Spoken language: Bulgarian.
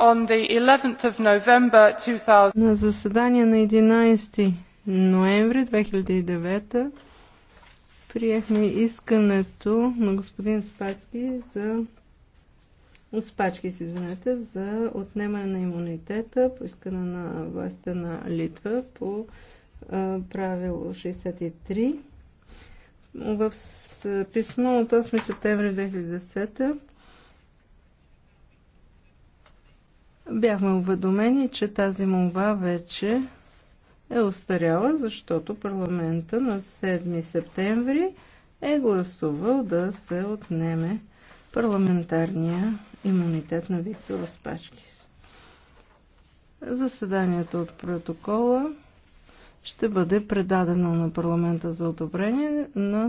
На заседание на 11 ноември 2009 приехме искането на господин Спачки за Успачки, извинете, за отнемане на имунитета, поискане на властта на Литва по правило 63. В писмо от 8 септември 2010 Бяхме уведомени, че тази молба вече е устаряла, защото парламента на 7 септември е гласувал да се отнеме парламентарния имунитет на Виктор Спачкис. Заседанието от протокола ще бъде предадено на парламента за одобрение на